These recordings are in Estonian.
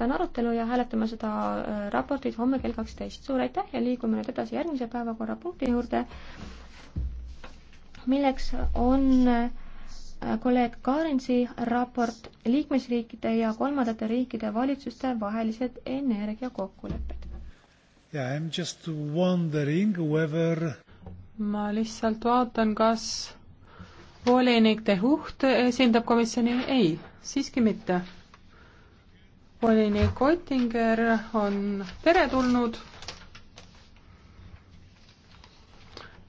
lõpetan arutelu ja hääletame seda äh, raportit homme kell kaksteist. suur aitäh ja liigume nüüd edasi järgmise päevakorrapunkti juurde, milleks on äh, kolleeg Kaarensi raport liikmesriikide ja kolmandate riikide valitsuste vahelised energiakokkulepped. Yeah, I am just wondering whether ma lihtsalt vaatan, kas volinik De Hucht esindab komisjoni, ei, siiski mitte volinik Ottinger on teretulnud.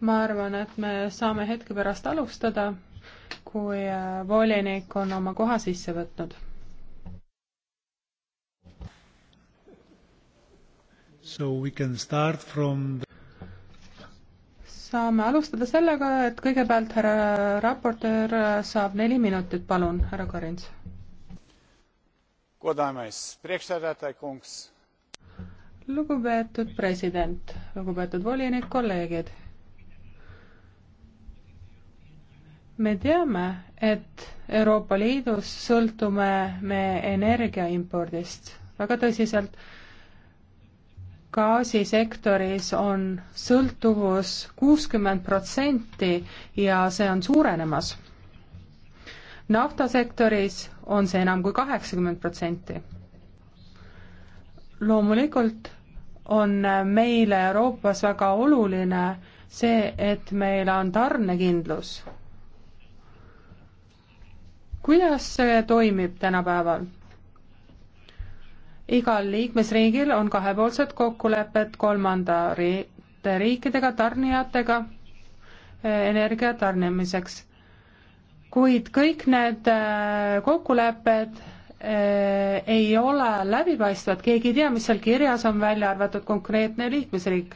ma arvan, et me saame hetke pärast alustada, kui äh, volinik on oma koha sisse võtnud. So we can start from the saame alustada sellega, et kõigepealt härra raportöör saab neli minutit, palun, härra Karins Godājamais priekšsēdētāji kungs. Lugupeetud president, lugupeetud volinik, kolleegid. me teame, et Euroopa Liidus sõltume me energiaimpordist väga tõsiselt. gaasisektoris on sõltuvus kuuskümmend protsenti ja see on suurenemas naftasektoris on see enam kui kaheksakümmend protsenti. loomulikult on meile Euroopas väga oluline see, et meil on tarnekindlus. kuidas see toimib tänapäeval? igal liikmesriigil on kahepoolsed kokkulepped kolmandate riikidega, tarnijatega eh, energia tarnimiseks kuid kõik need äh, kokkulepped äh, ei ole läbipaistvad, keegi ei tea, mis seal kirjas on, välja arvatud konkreetne liikmesriik.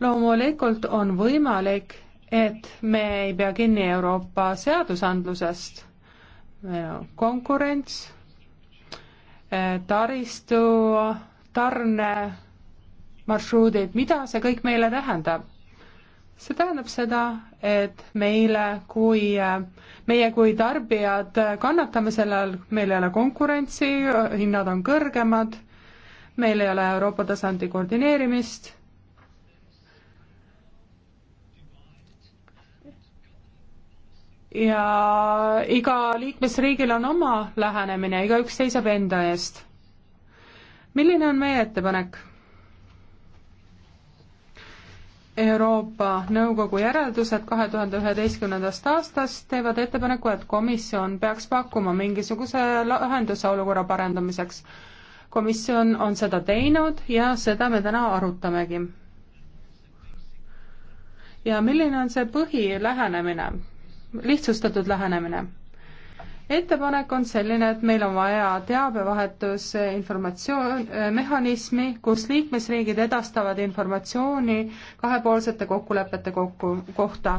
loomulikult on võimalik, et me ei pea kinni Euroopa seadusandlusest, konkurents, äh, taristu, tarne, marsruudid, mida see kõik meile tähendab see tähendab seda, et meile kui, meie kui tarbijad kannatame selle all, meil ei ole konkurentsi, hinnad on kõrgemad, meil ei ole Euroopa tasandi koordineerimist ja iga liikmesriigil on oma lähenemine, igaüks seisab enda eest. milline on meie ettepanek? Euroopa Nõukogu järeldused kahe tuhande üheteistkümnendast aastast teevad ettepaneku, et komisjon peaks pakkuma mingisuguse lahenduse olukorra parendamiseks. komisjon on seda teinud ja seda me täna arutamegi. ja milline on see põhilähenemine, lihtsustatud lähenemine? ettepanek on selline, et meil on vaja teabevahetus eh, informatsioon, eh, mehhanismi, kus liikmesriigid edastavad informatsiooni kahepoolsete kokkulepete kokku, kohta.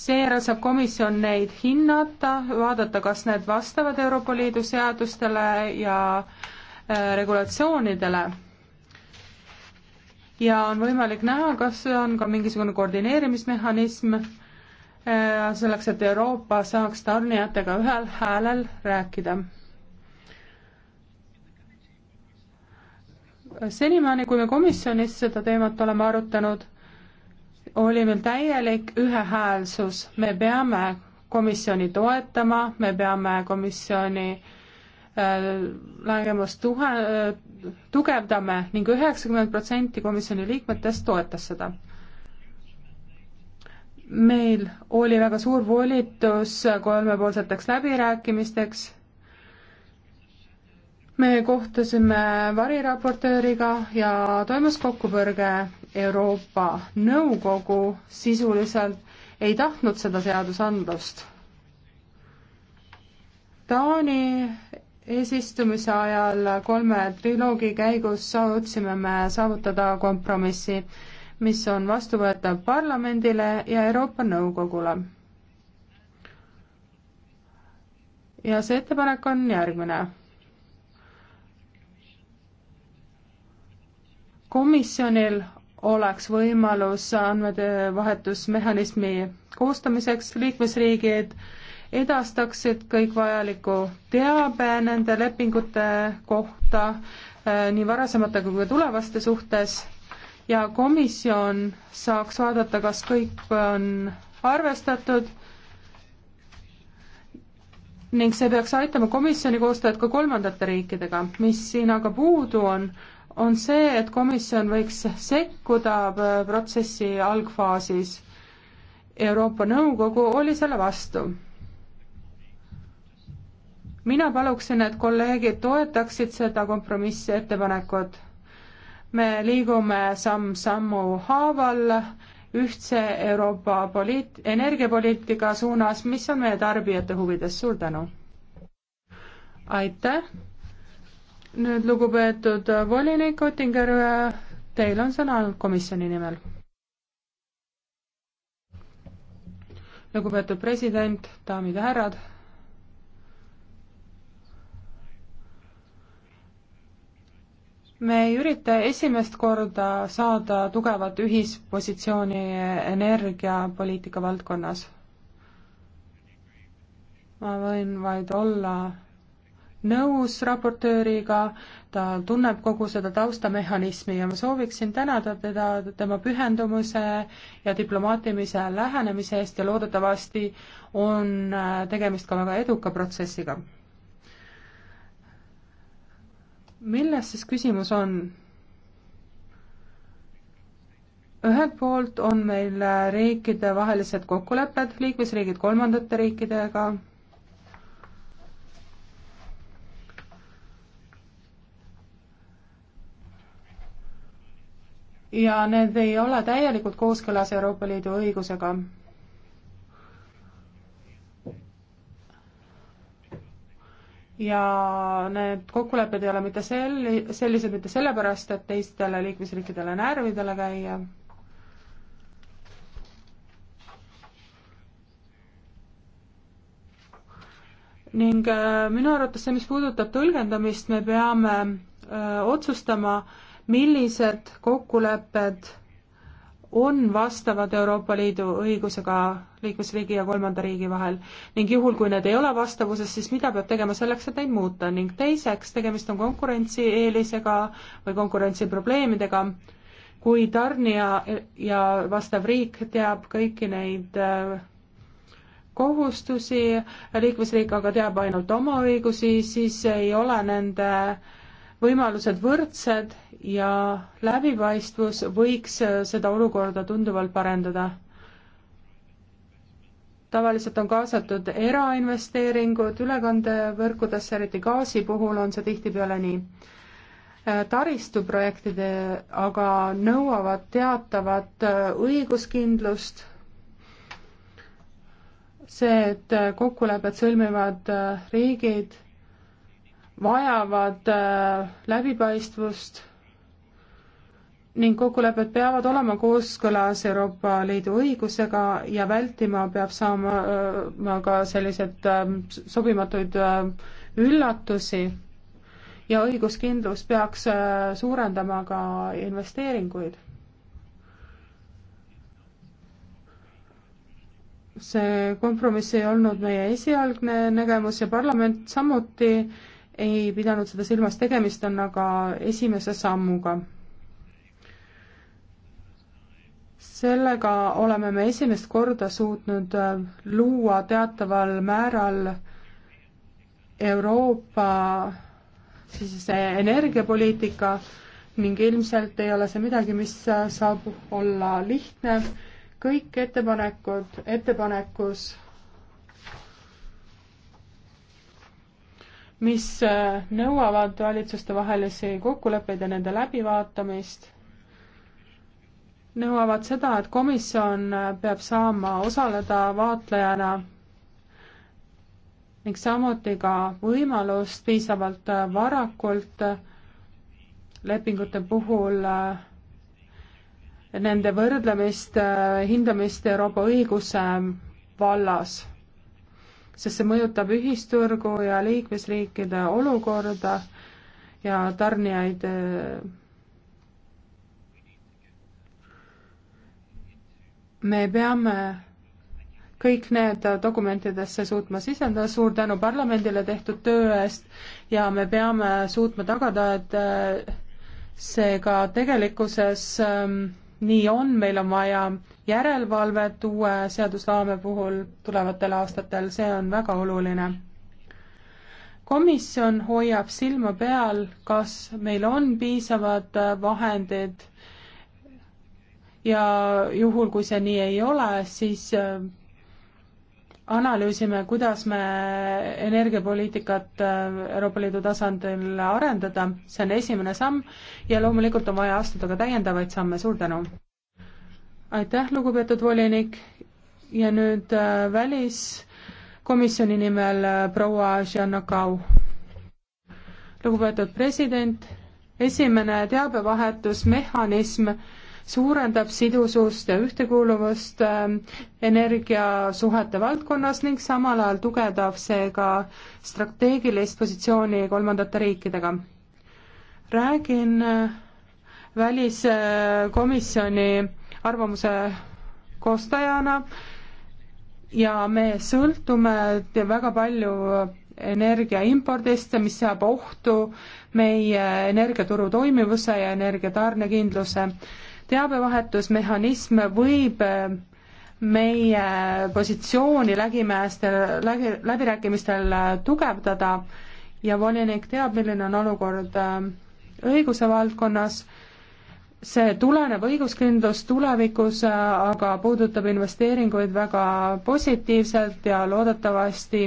seejärel saab komisjon neid hinnata, vaadata, kas need vastavad Euroopa Liidu seadustele ja eh, regulatsioonidele ja on võimalik näha, kas on ka mingisugune koordineerimismehhanism Äh, selleks, et Euroopa saaks tarnijatega ühel häälel rääkida. senimaani, kui me komisjonis seda teemat oleme arutanud, oli meil täielik ühehäälsus, me peame komisjoni toetama, me peame komisjoni äh, langemust tuhe, äh, tugevdame ning üheksakümmend protsenti komisjoni liikmetest toetas seda meil oli väga suur volitus kolmepoolseteks läbirääkimisteks. me kohtusime variraportööriga ja toimus kokkupõrge Euroopa Nõukogu sisuliselt ei tahtnud seda seadusandlust. Taani eesistumise ajal kolme triloogi käigus saavutasime me saavutada kompromissi mis on vastuvõetav parlamendile ja Euroopa Nõukogule. ja see ettepanek on järgmine. komisjonil oleks võimalus andmete vahetusmehhanismi koostamiseks, liikmesriigid edastaksid kõik vajaliku teabe nende lepingute kohta, eh, nii varasemate kui tulevaste suhtes ja komisjon saaks vaadata, kas kõik on arvestatud ning see peaks aitama komisjoni koostajad ka kolmandate riikidega. mis siin aga puudu on, on see, et komisjon võiks sekkuda protsessi algfaasis. Euroopa Nõukogu oli selle vastu mina paluksin, et kolleegid toetaksid seda kompromissettepanekut me liigume samm-sammu haaval ühtse Euroopa poliit-, energiapoliitika suunas, mis on meie tarbijate huvides, suur tänu! aitäh! nüüd lugupeetud volinik Ottinger, teil on sõna komisjoni nimel. lugupeetud president, daamid ja härrad me ei ürita esimest korda saada tugevat ühispositsiooni energiapoliitika valdkonnas. ma võin vaid olla nõus raportööriga, ta tunneb kogu seda taustamehhanismi ja ma sooviksin tänada teda tema pühendumuse ja diplomaatilise lähenemise eest ja loodetavasti on tegemist ka väga eduka protsessiga milles siis küsimus on? ühelt poolt on meil äh, riikidevahelised kokkulepped, liikmesriigid kolmandate riikidega, ja need ei ole täielikult kooskõlas Euroopa Liidu õigusega ja need kokkulepped ei ole mitte sel-, sellised mitte sellepärast, et teistele liikmesriikidele närvidele käia, ning äh, minu arvates see, mis puudutab tõlgendamist, me peame öö, äh, otsustama, millised kokkulepped on vastavad Euroopa Liidu õigusega liikmesriigi ja kolmanda riigi vahel ning juhul, kui need ei ole vastavuses, siis mida peab tegema selleks, et neid muuta ning teiseks, tegemist on konkurentsieelisega või konkurentsiprobleemidega, kui tarnija ja vastav riik teab kõiki neid äh, kohustusi, liikmesriik aga teab ainult oma õigusi, siis ei ole nende äh, võimalused võrdsed ja läbipaistvus võiks äh, seda olukorda tunduvalt parendada. tavaliselt on kaasatud erainvesteeringud ülekandevõrkudesse, eriti gaasi puhul on see tihtipeale nii. Äh, taristuprojektid aga nõuavad teatavat äh, õiguskindlust see, et kokkulepped sõlmivad riigid vajavad äh, läbipaistvust ning kokkulepped peavad olema kooskõlas Euroopa Liidu õigusega ja vältima peab saama äh, ka selliseid ähm, sobimatuid äh, üllatusi ja õiguskindlus peaks suurendama ka investeeringuid. see kompromiss ei olnud meie esialgne nägemus ja parlament samuti ei pidanud seda silmas, tegemist on aga esimese sammuga. sellega oleme me esimest korda suutnud äh, luua teataval määral Euroopa siis energiapoliitika ning ilmselt ei ole see midagi, mis äh, saab olla lihtne. kõik ettepanekud ettepanekus mis äh, nõuavad valitsustevahelisi kokkuleppeid ja nende läbivaatamist, nõuavad seda, et komisjon äh, peab saama osaleda vaatlejana ning samuti ka võimalust piisavalt äh, varakult lepingute puhul nende võrdlemist, hindamist Euroopa õiguse vallas sest see mõjutab ühisturgu ja liikmesriikide olukorda ja tarnijaid äh, me peame kõik need dokumentidesse suutma sisendada, suur tänu parlamendile tehtud töö eest ja me peame suutma tagada, et äh, see ka tegelikkuses ähm, nii on, meil on vaja järelevalvet uue seadusloome puhul tulevatel aastatel, see on väga oluline. komisjon hoiab silma peal, kas meil on piisavad äh, vahendid ja juhul, kui see nii ei ole, siis äh, analüüsime, kuidas me energiapoliitikat äh, Euroopa Liidu tasandil arendada, see on esimene samm ja loomulikult on vaja astuda ka täiendavaid samme, suur tänu! aitäh, lugupeetud volinik ja nüüd äh, väliskomisjoni nimel äh, proua Žannokau. lugupeetud president, esimene teabevahetusmehhanism suurendab sidusust ja ühtekuuluvust ähm, energiasuhete valdkonnas ning samal ajal tugevdab see ka strateegilist positsiooni kolmandate riikidega. räägin äh, väliskomisjoni arvamuse koostajana ja me sõltume väga palju energia impordist, mis seab ohtu meie energiaturu toimivuse ja energiatarnekindluse teabevahetusmehhanism võib äh, meie positsiooni lägimäestel, lägi, läbirääkimistel äh, tugevdada ja volinik teab, milline on olukord äh, õiguse valdkonnas, see tulenev õiguskindlus tulevikus aga puudutab investeeringuid väga positiivselt ja loodetavasti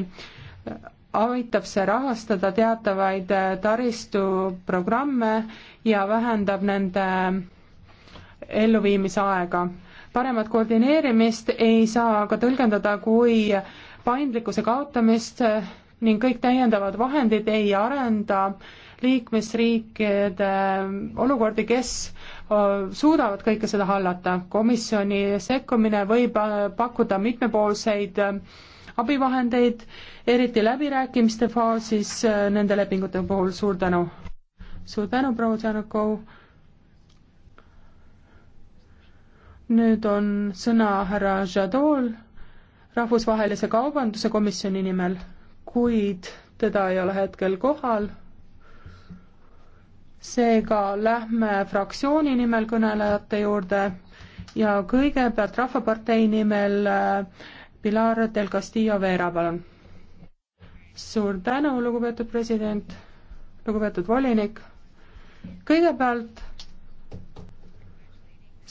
aitab see rahastada teatavaid taristuprogramme ja vähendab nende elluviimise aega. paremat koordineerimist ei saa aga tõlgendada kui paindlikkuse kaotamist ning kõik täiendavad vahendid ei arenda liikmesriikide olukordi, kes suudavad kõike seda hallata. komisjoni sekkumine võib pakkuda mitmepoolseid abivahendeid, eriti läbirääkimiste faasis nende lepingute puhul. suur tänu! suur tänu, proua Tšanukov! nüüd on sõna härra Jadol rahvusvahelise kaubanduse komisjoni nimel, kuid teda ei ole hetkel kohal. seega lähme fraktsiooni nimel kõnelejate juurde ja kõigepealt Rahvapartei nimel äh, Pilar del Castillo Vera, palun. suur tänu, lugupeetud president, lugupeetud volinik. kõigepealt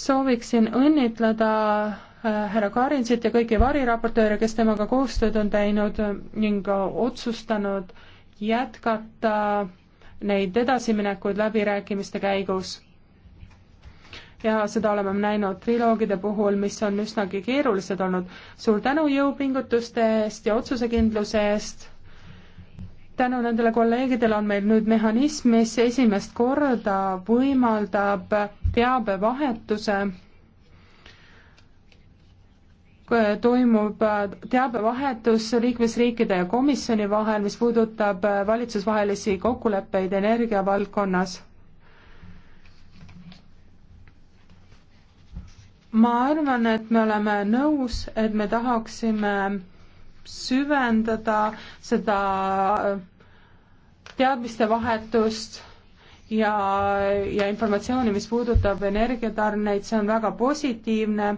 sooviksin õnnitleda äh, härra Karinsit ja kõiki variraportööre, kes temaga koostööd on teinud ning otsustanud jätkata neid edasiminekuid läbirääkimiste käigus. ja seda oleme näinud triloogide puhul, mis on üsnagi keerulised olnud. suur tänu jõupingutuste eest ja otsusekindluse eest tänu nendele kolleegidele on meil nüüd mehhanism, mis esimest korda võimaldab teabevahetuse, toimub teabevahetus liikmesriikide ja komisjoni vahel, mis puudutab valitsusvahelisi kokkuleppeid energiavaldkonnas. ma arvan, et me oleme nõus, et me tahaksime süvendada seda teadmistevahetust ja, ja informatsiooni, mis puudutab energiatarneid, see on väga positiivne,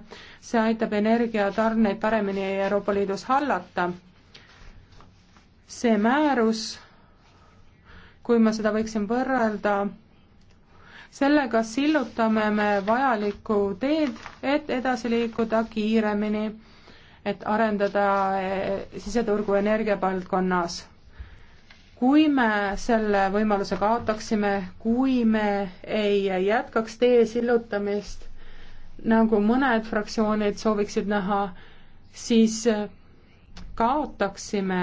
see aitab energiatarneid paremini Euroopa Liidus hallata. see määrus, kui ma seda võiksin võrrelda, sellega sillutame me vajalikku teed, et edasi liikuda kiiremini, et arendada eh, siseturgu energiapaldkonnas kui me selle võimaluse kaotaksime, kui me ei jätkaks tee sillutamist, nagu mõned fraktsioonid sooviksid näha, siis kaotaksime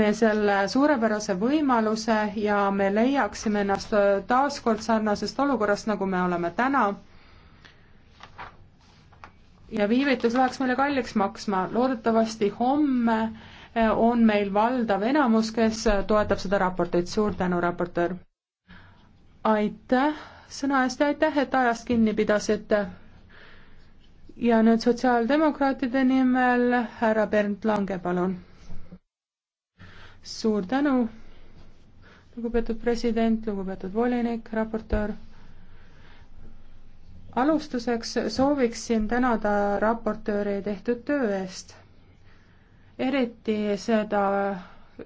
me selle suurepärase võimaluse ja me leiaksime ennast taaskord sarnasest olukorrast, nagu me oleme täna. ja viivitus läheks meile kalliks maksma, loodetavasti homme on meil valdav enamus, kes toetab seda raportit, suur tänu, raportöör! aitäh sõna eest ja aitäh, et ajast kinni pidasite! ja nüüd sotsiaaldemokraatide nimel härra Bernd Lange, palun! suur tänu, lugupeetud president, lugupeetud volinik, raportöör alustuseks sooviksin tänada raportööri tehtud töö eest eriti seda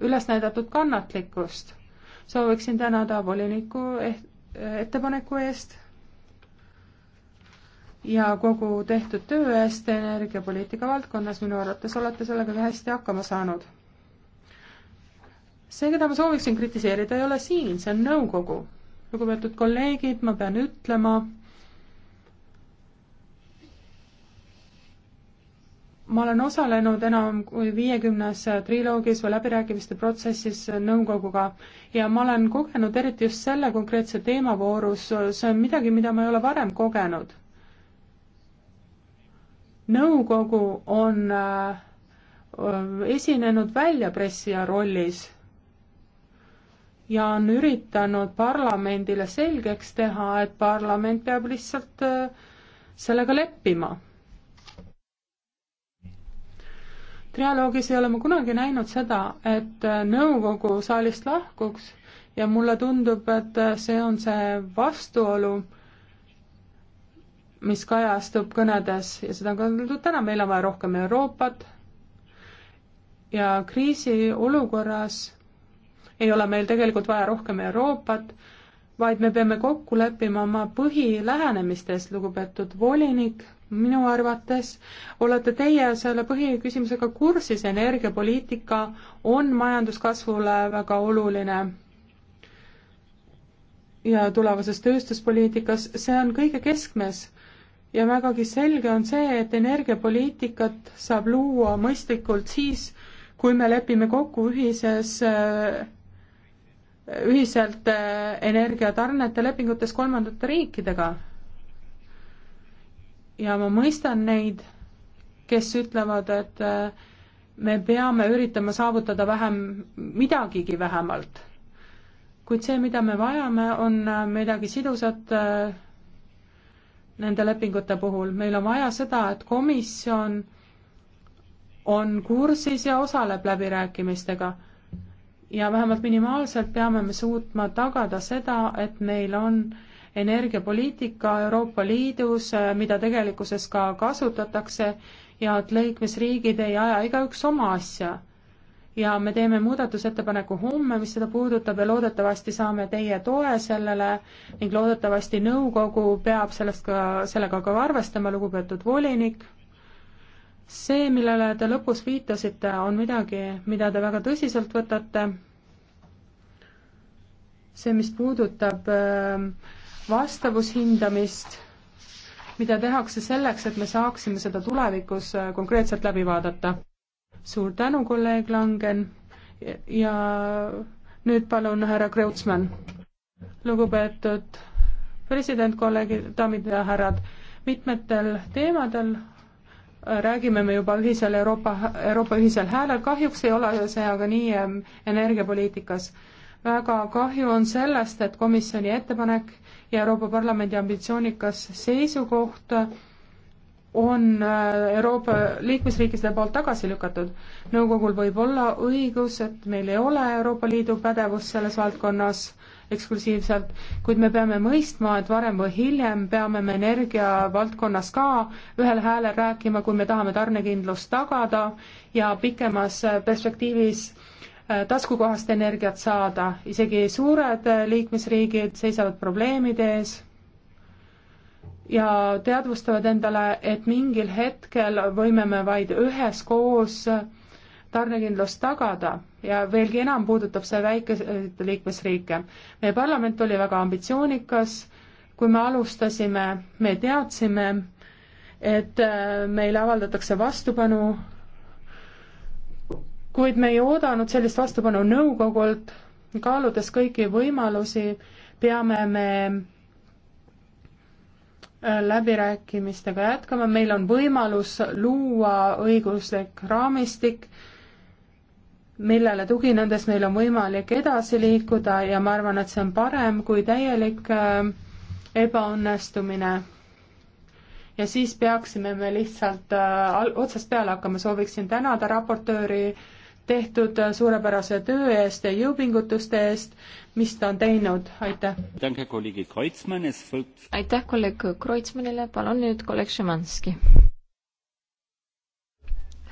üles näidatud kannatlikkust. sooviksin tänada voliniku eh, ettepaneku eest ja kogu tehtud töö eest energiapoliitika valdkonnas, minu arvates olete sellega ka hästi hakkama saanud. see, keda ma sooviksin kritiseerida, ei ole siin, see on nõukogu. lugupeetud kolleegid, ma pean ütlema, ma olen osalenud enam kui viiekümnes triloogis või läbirääkimiste protsessis nõukoguga ja ma olen kogenud eriti just selle konkreetse teema voorus, see on midagi, mida ma ei ole varem kogenud. nõukogu on äh, esinenud väljapressija rollis ja on üritanud parlamendile selgeks teha, et parlament peab lihtsalt äh, sellega leppima trialoogis ei ole ma kunagi näinud seda, et äh, nõukogu saalist lahkuks ja mulle tundub, et äh, see on see vastuolu, mis kajastub kõnedes ja seda on kõneldud täna, meil on vaja rohkem Euroopat ja kriisiolukorras ei ole meil tegelikult vaja rohkem Euroopat, vaid me peame kokku leppima oma põhilähenemistes, lugupeetud volinik minu arvates olete teie selle põhiküsimusega kursis, energiapoliitika on majanduskasvule väga oluline ja tulevases tööstuspoliitikas, see on kõige keskmes. ja vägagi selge on see, et energiapoliitikat saab luua mõistlikult siis, kui me lepime kokku ühises, ühiselt energiatarnete lepingutes kolmandate riikidega ja ma mõistan neid, kes ütlevad, et äh, me peame üritama saavutada vähem, midagigi vähemalt. kuid see, mida me vajame, on äh, midagi sidusat äh, nende lepingute puhul. meil on vaja seda, et komisjon on kursis ja osaleb läbirääkimistega. ja vähemalt minimaalselt peame me suutma tagada seda, et meil on äh, energiapoliitika Euroopa Liidus, äh, mida tegelikkuses ka kasutatakse ja et liikmesriigid ei aja igaüks oma asja. ja me teeme muudatusettepaneku homme, mis seda puudutab ja loodetavasti saame teie toe sellele ning loodetavasti nõukogu peab sellest ka, sellega ka arvestama, lugupeetud volinik. see, millele te lõpus viitasite, on midagi, mida te väga tõsiselt võtate. see, mis puudutab äh, vastavushindamist, mida tehakse selleks, et me saaksime seda tulevikus äh, konkreetselt läbi vaadata. suur tänu, kolleeg Langen ja nüüd palun härra Kreutzmann. lugupeetud president, kolleegid, daamid ja härrad, mitmetel teemadel äh, räägime me juba ühisel Euroopa, Euroopa ühisel häälel, kahjuks ei ole see aga nii ähm, energiapoliitikas väga kahju on sellest, et komisjoni ettepanek ja Euroopa Parlamendi ambitsioonikas seisukoht on äh, Euroopa liikmesriikide poolt tagasi lükatud. nõukogul võib olla õigus, et meil ei ole Euroopa Liidu pädevust selles valdkonnas eksklusiivselt, kuid me peame mõistma, et varem või hiljem peame me energia valdkonnas ka ühel häälel rääkima, kui me tahame tarnekindlust tagada ja pikemas äh, perspektiivis Äh, taskukohast energiat saada, isegi suured äh, liikmesriigid seisavad probleemide ees ja teadvustavad endale, et mingil hetkel võime me vaid üheskoos äh, tarnekindlust tagada ja veelgi enam puudutab see väikeseid liikmesriike. meie parlament oli väga ambitsioonikas, kui me alustasime, me teadsime, et meile avaldatakse vastupanu kuid me ei oodanud sellist vastupanu nõukogult, kaaludes kõiki võimalusi, peame me äh, läbirääkimistega jätkama, meil on võimalus luua õiguslik raamistik, millele tuginedes meil on võimalik edasi liikuda ja ma arvan, et see on parem kui täielik äh, ebaõnnestumine. ja siis peaksime me lihtsalt äh, otsast peale hakkama, sooviksin tänada raportööri äh, tehtud suurepärase töö eest ja jõupingutuste eest, mis ta on teinud, aitäh. aitäh kolleeg Kreutzmannile, palun nüüd kolleeg Šimanski.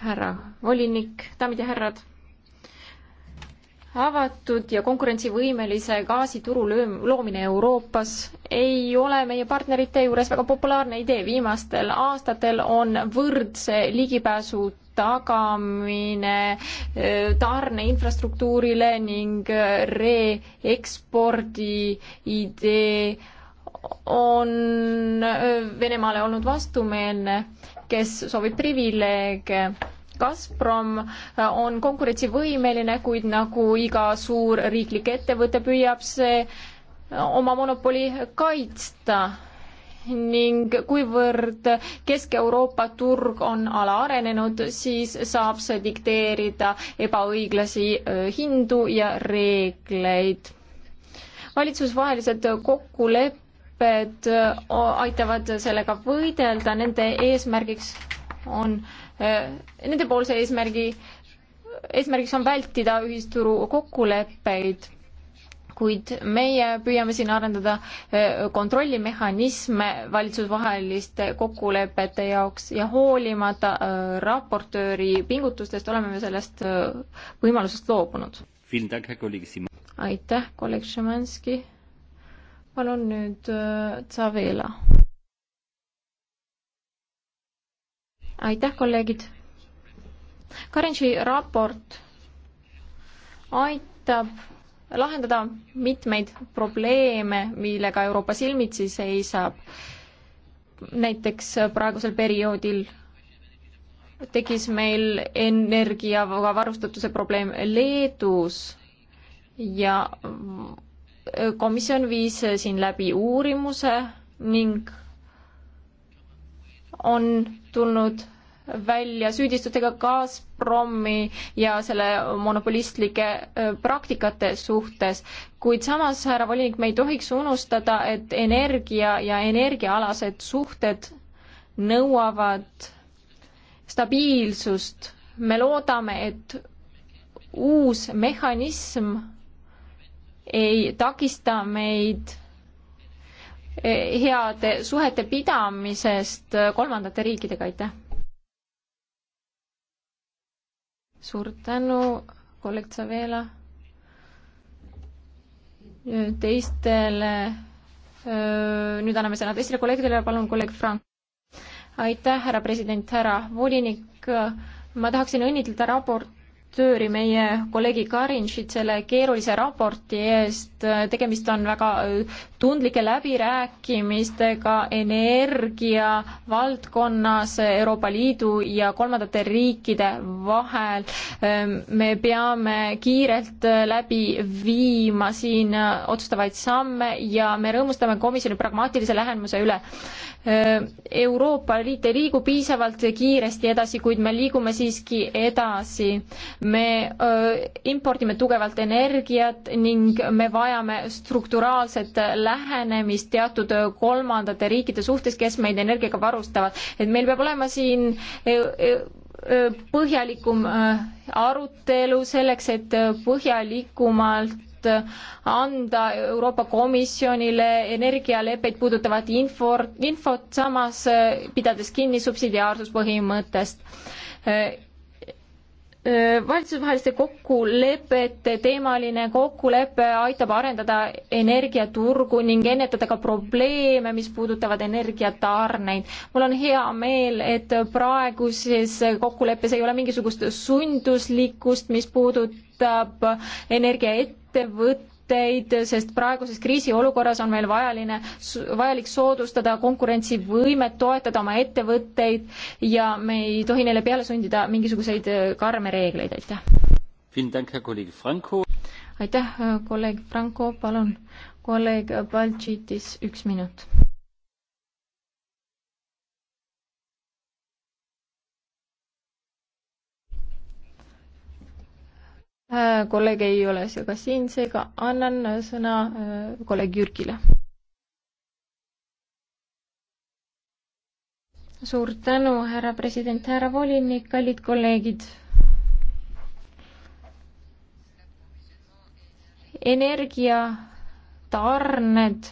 härra volinik, daamid ja härrad, avatud ja konkurentsivõimelise gaasituru loomine Euroopas ei ole meie partnerite juures väga populaarne idee, viimastel aastatel on võrdse ligipääsu tagamine eh, tarneinfrastruktuurile ning eh, reekspordi idee on eh, Venemaale olnud vastumeelne, kes soovib privileege. Gazprom on konkurentsivõimeline, kuid nagu iga suur riiklik ettevõte, püüab see oma monopoli kaitsta ning kuivõrd Kesk-Euroopa turg on alaarenenud, siis saab see dikteerida ebaõiglasi hindu ja reegleid. valitsusvahelised kokkulepped aitavad sellega võidelda, nende eesmärgiks on, nendepoolse eesmärgi, eesmärgiks on vältida ühisturu kokkuleppeid kuid meie püüame siin arendada eh, kontrollimehhanisme valitsusvaheliste kokkulepete jaoks ja hoolimata eh, raportööri pingutustest oleme me sellest eh, võimalusest loobunud. aitäh, kolleeg Šimanski. palun nüüd Tsavela. aitäh, kolleegid. Karinši raport aitab lahendada mitmeid probleeme, millega Euroopa silmitsi seisab. näiteks praegusel perioodil tekkis meil energiaga varustatuse probleem Leedus ja komisjon viis siin läbi uurimuse ning on tulnud välja süüdistustega Gazpromi ja selle monopolistlike praktikate suhtes. kuid samas, härra volinik, me ei tohiks unustada, et energia ja energiaalased suhted nõuavad stabiilsust. me loodame, et uus mehhanism ei takista meid e, heade suhete pidamisest kolmandate riikidega, aitäh! suur tänu, kolleeg Savela. teistele, nüüd anname sõna teistele kolleegidele, palun, kolleeg Frank. aitäh, härra president, härra volinik, ma tahaksin õnnitleda raport raportööri, meie kolleegi Karinšit selle keerulise raporti eest, tegemist on väga äh, tundlike läbirääkimistega energia valdkonnas Euroopa Liidu ja kolmandate riikide vahel. Ähm, me peame kiirelt äh, läbi viima siin äh, otsustavaid samme ja me rõõmustame komisjoni pragmaatilise lähenemuse üle. Ähm, Euroopa Liit ei liigu piisavalt kiiresti edasi, kuid me liigume siiski edasi me impordime tugevalt energiat ning me vajame strukturaalset lähenemist teatud kolmandate riikide suhtes, kes meid energiaga varustavad. et meil peab olema siin põhjalikum arutelu selleks, et põhjalikumalt anda Euroopa Komisjonile energialepeid puudutavat info, infot, samas pidades kinni subsidiaarsuspõhimõttest valitsustevaheliste kokkulepete teemaline kokkulepe aitab arendada energiaturgu ning ennetada ka probleeme, mis puudutavad energiatarneid. mul on hea meel, et praeguses kokkuleppes ei ole mingisugust sunduslikkust, mis puudutab aitab energiaettevõtteid, sest praeguses kriisiolukorras on meil vajaline, vajalik soodustada konkurentsivõimet, toetada oma ettevõtteid ja me ei tohi neile peale sundida mingisuguseid äh, karme reegleid, aitäh. aitäh, äh, kolleeg Franco, palun. kolleeg Baltšiitis üks minut Äh, kolleeg ei ole seega siin, seega annan äh, sõna äh, kolleeg Jürgile. suur tänu, härra president, härra volinik, kallid kolleegid. energiatarned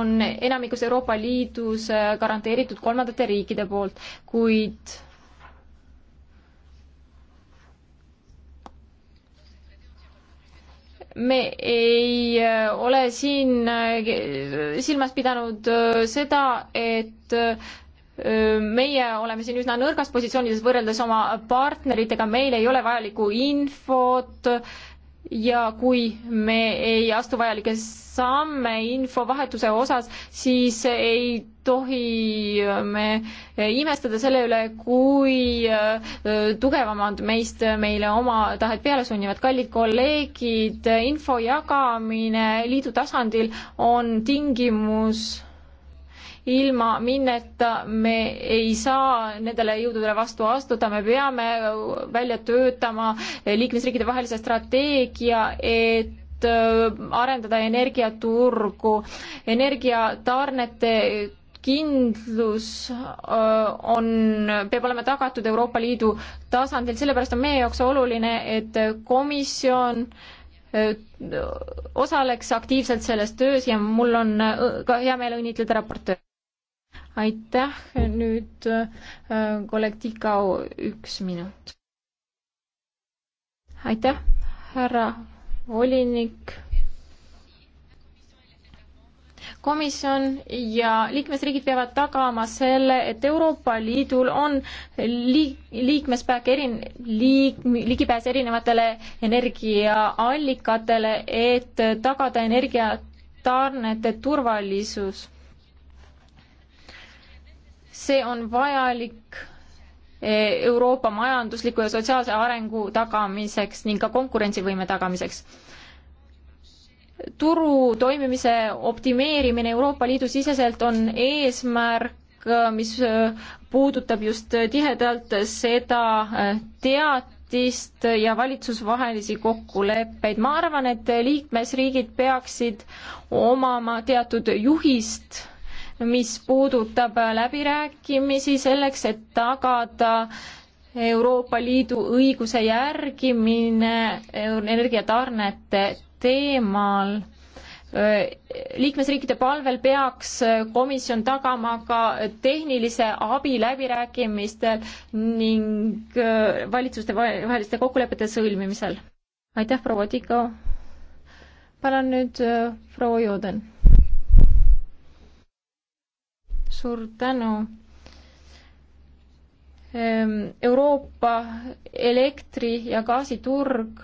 on enamikus Euroopa Liidus garanteeritud kolmandate riikide poolt, kuid me ei äh, ole siin äh, silmas pidanud äh, seda, et meie oleme siin üsna nõrgas positsioonides võrreldes oma partneritega, meil ei ole vajalikku infot, ja kui me ei astu vajalikke samme infovahetuse osas, siis ei tohi me imestada selle üle, kui äh, tugevamad meist meile oma tahet peale sunnivad. kallid kolleegid, info jagamine liidu tasandil on tingimus ilma minneta me ei saa nendele jõududele vastu astuda, me peame välja töötama liikmesriikide vahelise strateegia, et äh, arendada energiaturgu, energiatarnete kindlus äh, on, peab olema tagatud Euroopa Liidu tasandil, sellepärast on meie jaoks oluline, et komisjon äh, osaleks aktiivselt selles töös ja mul on ka hea meel õnnitleda raportööri aitäh, nüüd äh, kolleeg Tikao, üks minut. aitäh, härra volinik komisjon ja liikmesriigid peavad tagama selle, et Euroopa Liidul on liik-, liikmespäev erin-, liik-, ligipääs erinevatele energiaallikatele, et tagada energiatarnete turvalisus see on vajalik e, Euroopa majandusliku ja sotsiaalse arengu tagamiseks ning ka konkurentsivõime tagamiseks. turu toimimise optimeerimine Euroopa Liidu siseselt on eesmärk, mis e, puudutab just tihedalt seda e, teatist ja valitsusvahelisi kokkuleppeid. ma arvan, et liikmesriigid peaksid omama teatud juhist mis puudutab läbirääkimisi selleks, et tagada Euroopa Liidu õiguse järgimine energiatarnete teemal. liikmesriikide palvel peaks komisjon tagama ka tehnilise abi läbirääkimistel ning valitsuste vaheliste kokkulepete sõlmimisel. aitäh, proua Tiko. palun nüüd proua Jooden suur tänu. Ehm, Euroopa elektri- ja gaasiturg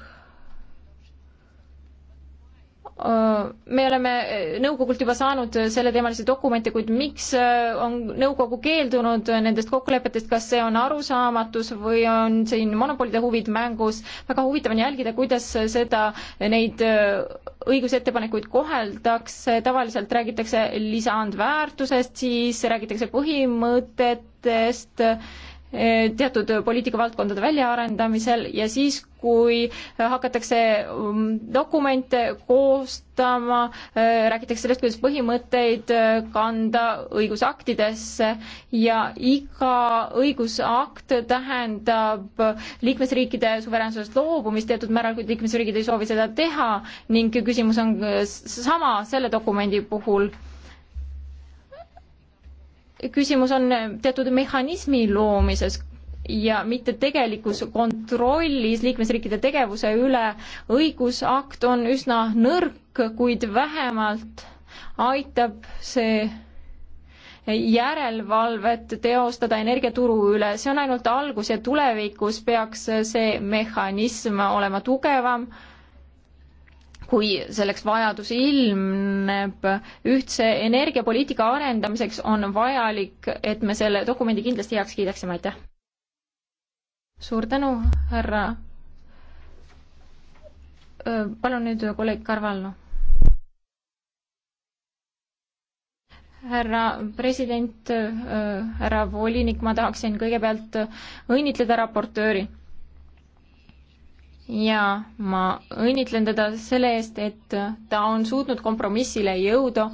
me oleme nõukogult juba saanud selleteemalisi dokumente, kuid miks on nõukogu keeldunud nendest kokkulepetest, kas see on arusaamatus või on siin monopolide huvid mängus, väga huvitav on jälgida, kuidas seda, neid õigusettepanekuid koheldakse, tavaliselt räägitakse lisandväärtusest, siis räägitakse põhimõtetest, teatud poliitikavaldkondade väljaarendamisel ja siis, kui hakatakse mm, dokumente koostama, räägitakse sellest, kuidas põhimõtteid äh, kanda õigusaktidesse ja iga õigusakt tähendab liikmesriikide suveräänsusest loobumist teatud määral, kui liikmesriigid ei soovi seda teha ning küsimus on äh, sama selle dokumendi puhul küsimus on teatud mehhanismi loomises ja mitte tegelikus kontrollis liikmesriikide tegevuse üle. õigusakt on üsna nõrk, kuid vähemalt aitab see järelevalvet teostada energiaturu üle, see on ainult algus ja tulevikus peaks see mehhanism olema tugevam kui selleks vajadus ilmneb. ühtse energiapoliitika arendamiseks on vajalik, et me selle dokumendi kindlasti heaks kiidaksime, aitäh! suur tänu, härra. palun nüüd kolleeg Carvalho. härra president, härra volinik, ma tahaksin kõigepealt õnnitleda raportööri ja ma õnnitlen teda selle eest, et ta on suutnud kompromissile jõuda.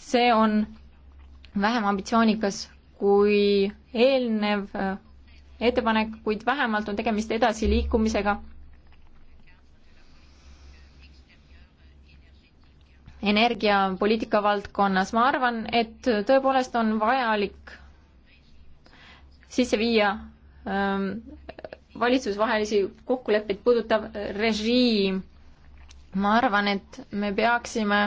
see on vähem ambitsioonikas kui eelnev äh, ettepanek, kuid vähemalt on tegemist edasiliikumisega. energiapoliitika valdkonnas, ma arvan, et tõepoolest on vajalik sisse viia ähm, valitsusvahelisi kokkuleppeid puudutav režiim. ma arvan, et me peaksime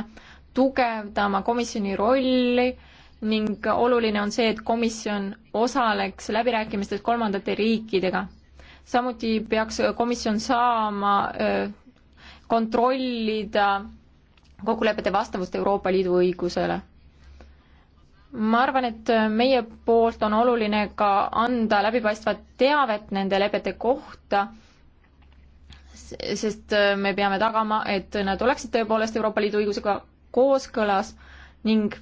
tugevdama komisjoni rolli ning oluline on see, et komisjon osaleks läbirääkimistes kolmandate riikidega. samuti peaks komisjon saama kontrollida kokkulepete vastavust Euroopa Liidu õigusele ma arvan, et meie poolt on oluline ka anda läbipaistvat teavet nende lepete kohta, sest me peame tagama, et nad oleksid tõepoolest Euroopa Liidu õigusega kooskõlas ning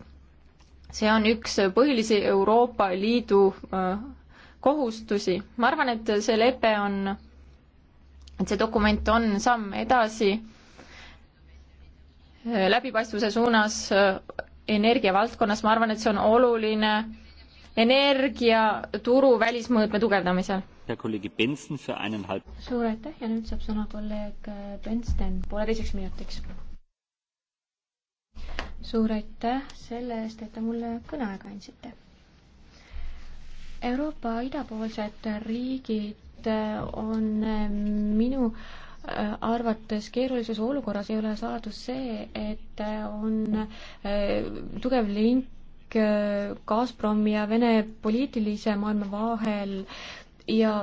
see on üks põhilisi Euroopa Liidu äh, kohustusi. ma arvan, et see lepe on, et see dokument on samm edasi äh, läbipaistvuse suunas äh, energia valdkonnas, ma arvan, et see on oluline energiaturu välismõõtme tugevdamisel. suur aitäh ja nüüd saab sõna kolleeg äh, Benston pooleteiseks minutiks. suur aitäh selle eest, et te mulle kõneaega andsite. Euroopa idapoolsed riigid äh, on äh, minu äh, arvates keerulises olukorras ei ole saadus see, et on eh, tugev link eh, Gazpromi ja Vene poliitilise maailma vahel ja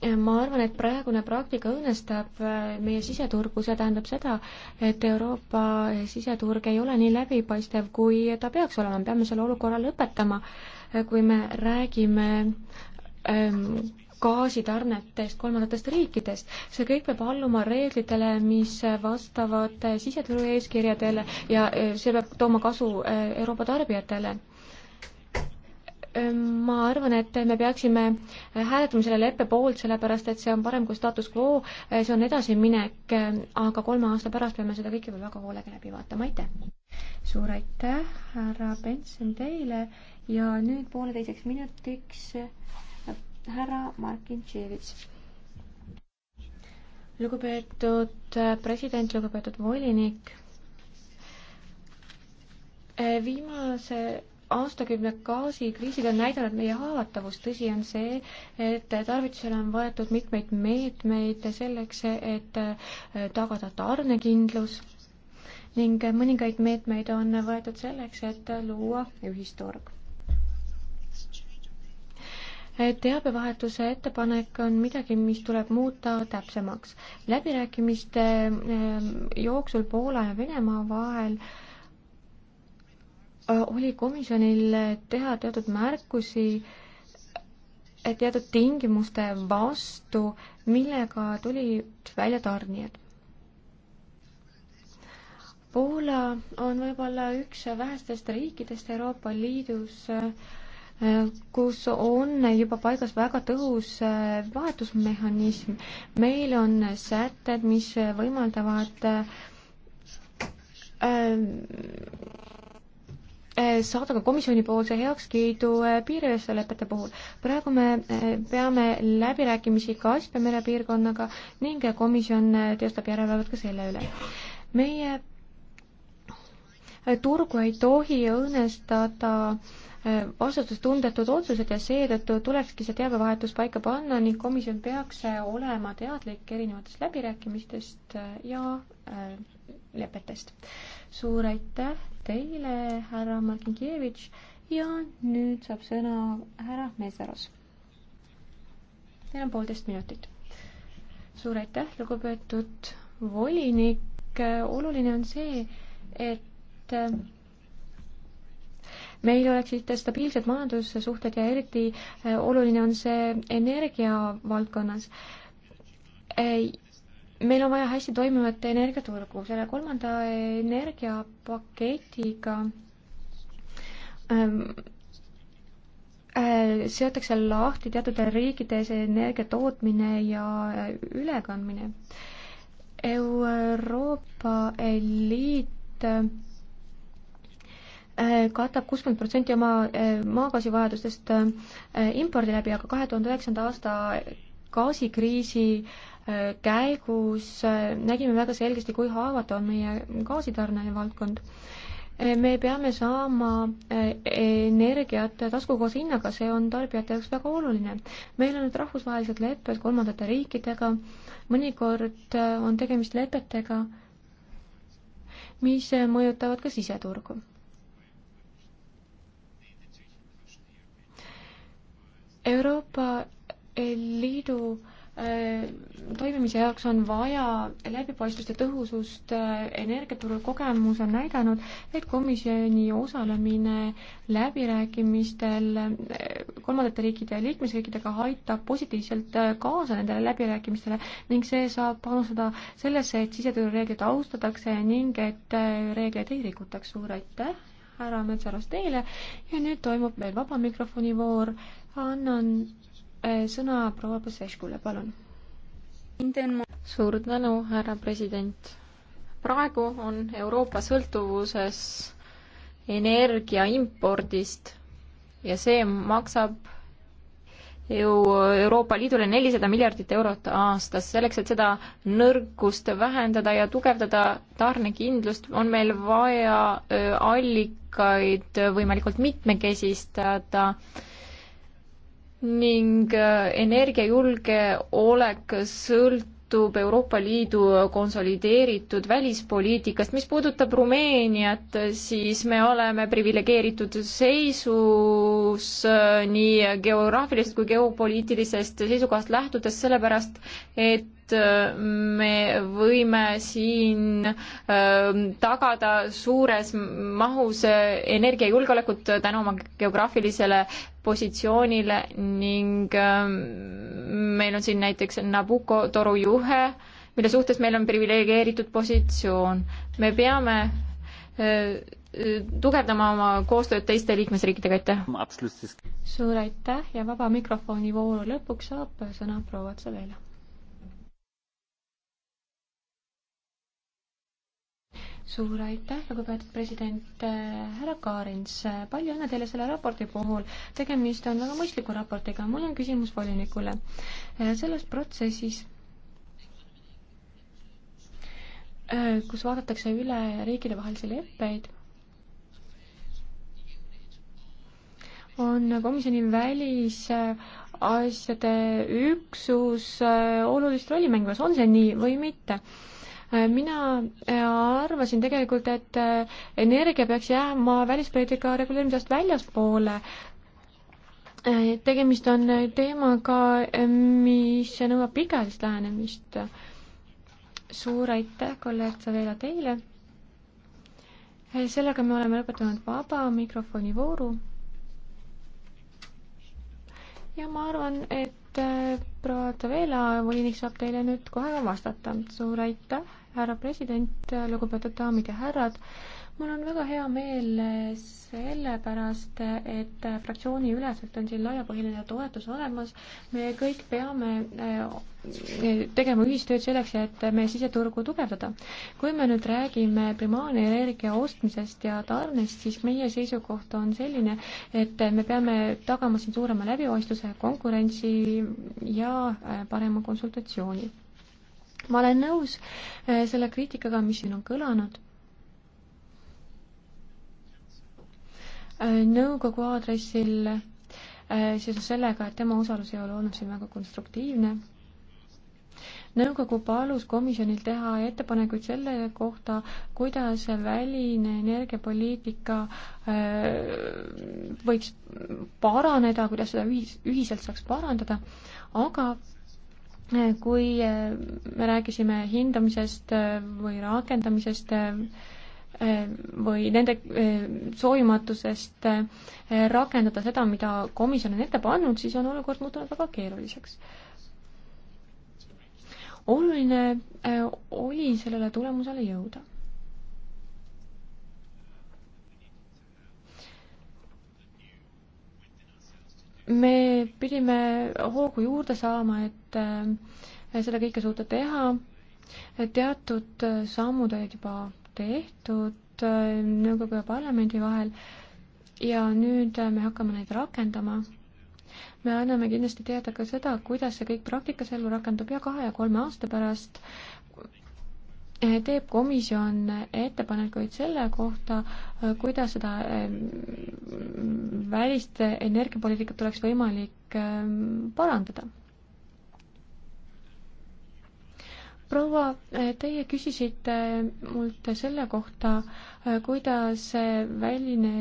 eh, ma arvan, et praegune praktika õõnestab meie siseturgu, see tähendab seda, et Euroopa siseturg ei ole nii läbipaistev, kui ta peaks olema, me peame selle olukorra lõpetama, kui me räägime ähm, gaasitarnetest kolmandatest riikidest. see kõik peab alluma reeglitele, mis vastavad siseturu eeskirjadele ja e, see peab tooma kasu e, Euroopa tarbijatele e, ma arvan, et me peaksime hääletama selle leppe poolt, sellepärast et see on parem kui status quo, see on edasiminek, aga kolme aasta pärast peame seda kõike veel väga hoolega läbi vaatama, aitäh! suur aitäh, härra Benson, teile ja nüüd pooleteiseks minutiks härra Markintševitš. lugupeetud äh, president, lugupeetud volinik. Äh, viimase aastakümne gaasikriisid on näidanud meie haavatavust, tõsi on see, et tarvitusele on võetud mitmeid meetmeid selleks, et äh, tagada tarnekindlus ning mõningaid meetmeid on võetud selleks, et luua ühisturg teabevahetuse ettepanek on midagi, mis tuleb muuta täpsemaks. läbirääkimiste eh, jooksul Poola ja Venemaa vahel eh, oli komisjonil teha teatud märkusi eh, teatud tingimuste vastu, millega tulid välja tarnijad. Poola on võib-olla üks vähestest riikidest Euroopa Liidus äh, kus on juba paigas väga tõhus äh, vahetusmehhanism. meil on sätted, mis võimaldavad äh, äh, saada ka komisjonipoolse heakskiidu piiriüleste lepete puhul. praegu me peame läbirääkimisi Kaspia merepiirkonnaga ning komisjon teostab järelevalvet ka selle üle. meie turgu ei tohi õõnestada äh, vastutustundetud otsused ja seetõttu tulekski see teabevahetus paika panna ning komisjon peaks äh, olema teadlik erinevatest läbirääkimistest äh, ja äh, lepetest. suur aitäh teile, härra Markinkevitš ja nüüd saab sõna härra Mesaros. Teil on poolteist minutit. suur aitäh, lugupeetud volinik, oluline on see, et et äh, meil oleksid stabiilsed majandussuhted ja eriti äh, oluline on see energia valdkonnas. Äh, meil on vaja hästi toimivat energiaturgu, selle kolmanda energiapaketiga ähm, äh, seotakse lahti teatud riikides energia tootmine ja ülekandmine. Euroopa Liit äh, Äh, katab kuuskümmend protsenti oma äh, maagaasivajadustest äh, impordi läbi, aga kahe tuhande üheksanda aasta gaasikriisi käigus nägime väga selgesti, kui haavatav on meie gaasitarne valdkond. me peame saama energiat taskukohase hinnaga, see on tarbijate jaoks väga oluline. meil on nüüd rahvusvahelised lepped kolmandate riikidega, mõnikord on tegemist lepetega, mis mõjutavad ka siseturgu Euroopa Liidu äh, toimimise jaoks on vaja läbipaistvust ja tõhusust, äh, energiaturu kogemus on näidanud, et komisjoni osalemine läbirääkimistel äh, kolmandate riikide ja liikmesriikidega aitab positiivselt kaasa nendele läbirääkimistele ning see saab panustada sellesse, et siseturureegleid austatakse ning et reegleid ei rikutaks. suur aitäh, härra Metsaros, teile ja nüüd toimub veel vaba mikrofoni voor annan äh, sõna proua Peseskule, palun. suur tänu, härra president. praegu on Euroopa sõltuvuses energia impordist ja see maksab ju Euroopa Liidule nelisada miljardit eurot aastas. selleks, et seda nõrkust vähendada ja tugevdada tarnekindlust, on meil vaja äh, allikaid võimalikult mitmekesistada ning äh, energiajulgeolek sõltub Euroopa Liidu konsolideeritud välispoliitikast. mis puudutab Rumeeniat, siis me oleme priviligeeritud seisus äh, nii geograafilisest kui geopoliitilisest seisukohast lähtudes, sellepärast et et äh, me võime siin ähm, tagada suures mahus äh, energiajulgeolekut äh, tänu oma geograafilisele positsioonile ning ähm, meil on siin näiteks Nabucco torujuhe, mille suhtes meil on priviligeeritud positsioon. me peame tugevdama oma koostööd teiste liikmesriikidega, aitäh! suur aitäh ja vaba mikrofoni vooru lõpuks saab sõna proua Otsa Veela. suur aitäh, lugupeetud president äh, härra Kaarins, äh, palju õnne teile selle raporti puhul. tegemist on väga mõistliku raportiga, mul on küsimus volinikule. Äh, selles protsessis, kus vaadatakse üle riikidevahelisi leppeid, on komisjoni välisasjade üksus olulist rolli mängimas, on see nii või mitte? mina äh, arvasin tegelikult, et äh, energia peaks jääma välispoliitika reguleerimisest väljaspoole. Äh, tegemist on teemaga, mis nõuab pikaajalist lähenemist. suur aitäh, kolleeg Savela, teile. sellega me oleme lõpetanud vaba mikrofoni vooru. ja ma arvan, et et äh, proua Tavela, volinik saab teile nüüd kohe vastata. suur aitäh, härra president, lugupeetud daamid ja härrad mul on väga hea meel sellepärast, et fraktsiooni üleselt on siin laiapõhjaline toetus olemas. me kõik peame eh, tegema ühistööd selleks, et meie siseturgu tugevdada. kui me nüüd räägime primaarenergia ostmisest ja tarnest, siis meie seisukoht on selline, et me peame tagama siin suurema läbipaistvuse, konkurentsi ja eh, parema konsultatsiooni ma olen nõus eh, selle kriitikaga, mis siin on kõlanud Äh, nõukogu aadressil äh, seoses sellega, et tema osalus ei ole olnud siin väga konstruktiivne. nõukogu palus komisjonil teha ettepanekuid selle kohta, kuidas väline energiapoliitika äh, võiks paraneda, kuidas seda ühis, ühiselt saaks parandada, aga kui me rääkisime hindamisest või rakendamisest, või nende eh, soovimatusest eh, rakendada seda, mida komisjon on ette pannud, siis on olukord muutunud väga keeruliseks. oluline eh, oli sellele tulemusele jõuda. me pidime hoogu juurde saama, et seda kõike suuta teha, teatud sammud olid juba tehtud äh, nõukogu ja parlamendi vahel ja nüüd äh, me hakkame neid rakendama. me anname kindlasti teada ka seda, kuidas see kõik praktikas ellu rakendub ja kahe ja kolme aasta pärast äh, teeb komisjon ettepanekuid selle kohta, kuidas seda välist energiapoliitikat oleks võimalik parandada proua, eh, teie küsisite eh, mult selle kohta, eh, kuidas väline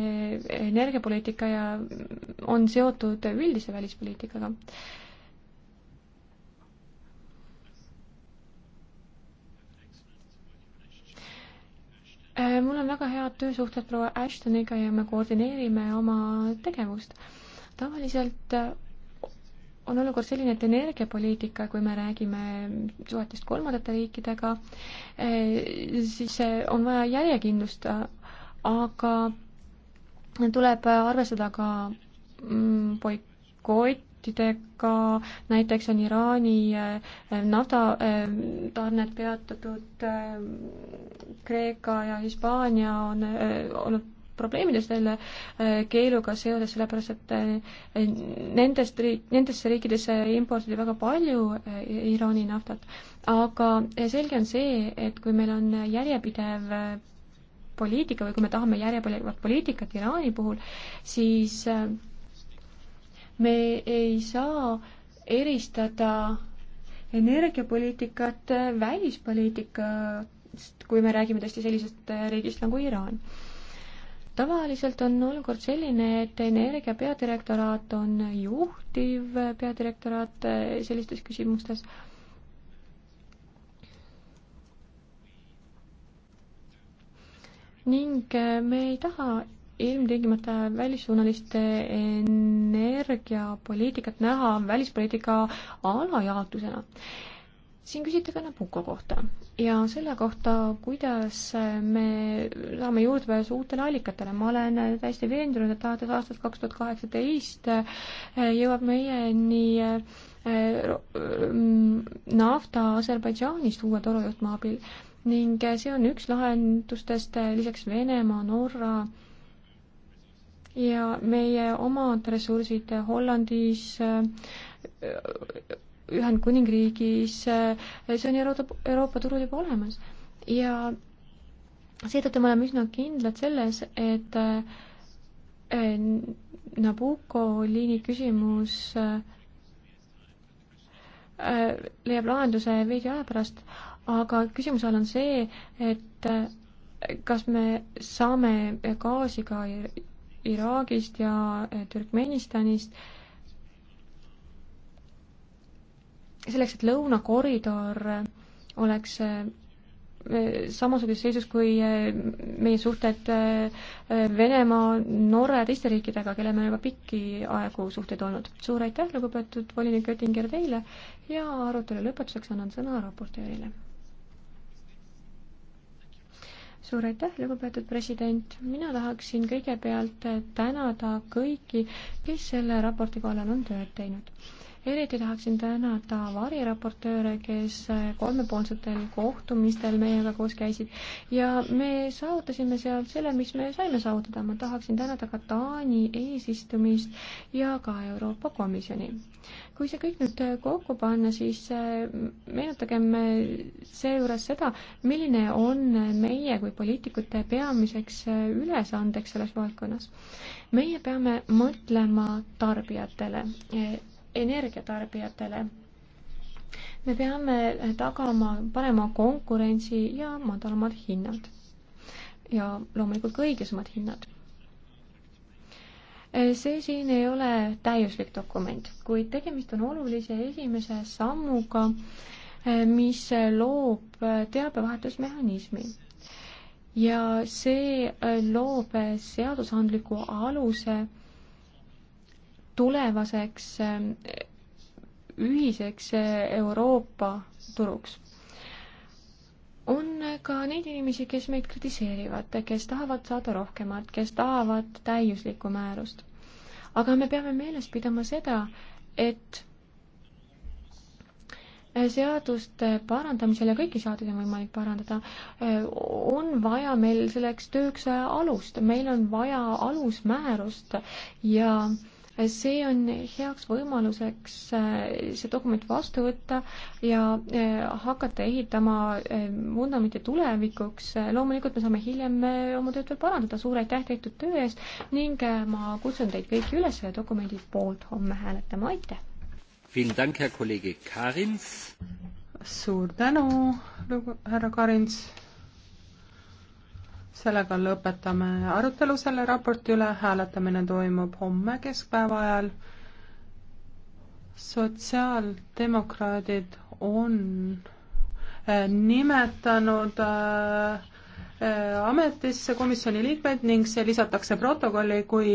energiapoliitika ja mm, on seotud üldise välispoliitikaga. mul on väga head töösuhted proua Ashtoniga ja me koordineerime oma tegevust. tavaliselt on olukord selline, et energiapoliitika, kui me räägime suhetest kolmandate riikidega, eh, siis eh, on vaja järjekindlust, aga tuleb arvestada ka mm, boikottidega, näiteks on Iraani eh, naftatarned peatatud, Kreeka ja Hispaania on olnud probleemides selle äh, keeluga seoses, sellepärast et äh, nendest riik, nendesse riikidesse imporditi väga palju äh, Iraani naftat. aga selge on see, et kui meil on järjepidev poliitika või kui me tahame järjepidevat poliitikat Iraani puhul, siis me ei saa eristada energiapoliitikat välispoliitikast, kui me räägime tõesti sellisest riigist nagu Iraan tavaliselt on olukord selline, et Energia peadirektoraat on juhtiv peadirektoraat eh, sellistes küsimustes. ning eh, me ei taha ilmtingimata välissuunaliste energiapoliitikat näha välispoliitika alajaotusena siin küsiti ka Nabucco kohta ja selle kohta, kuidas me saame juurdepääsu uutele allikatele. ma olen täiesti veendunud, et alates aastast kaks tuhat kaheksateist jõuab meieni äh, nafta Aserbaidžaanist uue torujuhtme abil ning see on üks lahendustest lisaks Venemaa, Norra ja meie omad ressursid Hollandis äh, Ühendkuningriigis, eh, see on Euroopa, Euroopa turul juba olemas. ja seetõttu me oleme üsna kindlad selles, et eh, Nabucco liini küsimus eh, leiab lahenduse veidi aja pärast, aga küsimuse all on see, et kas me saame gaasi ka Iraagist ja Türkmenistanist äh, selleks, et lõunakoridor oleks äh, samasuguses seisus kui äh, meie suhted äh, Venemaa, Norra ja teiste riikidega, kellega meil juba pikki aegu suhteid olnud. suur aitäh, lugupeetud volinik Oettinger teile ja arutelu lõpetuseks annan sõna raportöörile. suur aitäh, lugupeetud president, mina tahaksin kõigepealt tänada kõiki, kes selle raporti kallal on tööd teinud eriti tahaksin tänada variraportööre, kes kolmepoolsetel kohtumistel meiega koos käisid ja me saavutasime seal selle, mis me saime saavutada. ma tahaksin tänada ka Taani eesistumist ja ka Euroopa Komisjoni. kui see kõik nüüd kokku panna, siis äh, meenutagem seejuures seda, milline on meie kui poliitikute peamiseks äh, ülesandeks selles valdkonnas. meie peame mõtlema tarbijatele energiatarbijatele. me peame tagama parema konkurentsi ja madalamad hinnad ja loomulikult ka õiglasemad hinnad see siin ei ole täiuslik dokument, kuid tegemist on olulise esimese sammuga, mis loob teabevahetusmehhanismi. ja see loob seadusandliku aluse tulevaseks äh, ühiseks äh, Euroopa turuks. on ka neid inimesi, kes meid kritiseerivad, kes tahavad saada rohkemat, kes tahavad täiuslikku määrust. aga me peame meeles pidama seda, et äh, seaduste parandamisel ja kõiki seadusi on võimalik parandada, on vaja meil selleks tööks alust, meil on vaja alusmäärust ja äh, see on heaks võimaluseks äh, see dokument vastu võtta ja äh, hakata ehitama äh, vundamenti tulevikuks. loomulikult me saame hiljem oma tööd veel parandada, suur aitäh tehtud töö eest ning ma kutsun teid kõiki üles selle dokumendi poolt homme hääletama, aitäh! suur tänu, härra Karins! sellega lõpetame arutelu selle raporti üle, hääletamine toimub homme keskpäeva ajal. sotsiaaldemokraadid on äh, nimetanud äh, äh, ametisse komisjoni liikmed ning see lisatakse protokolli, kui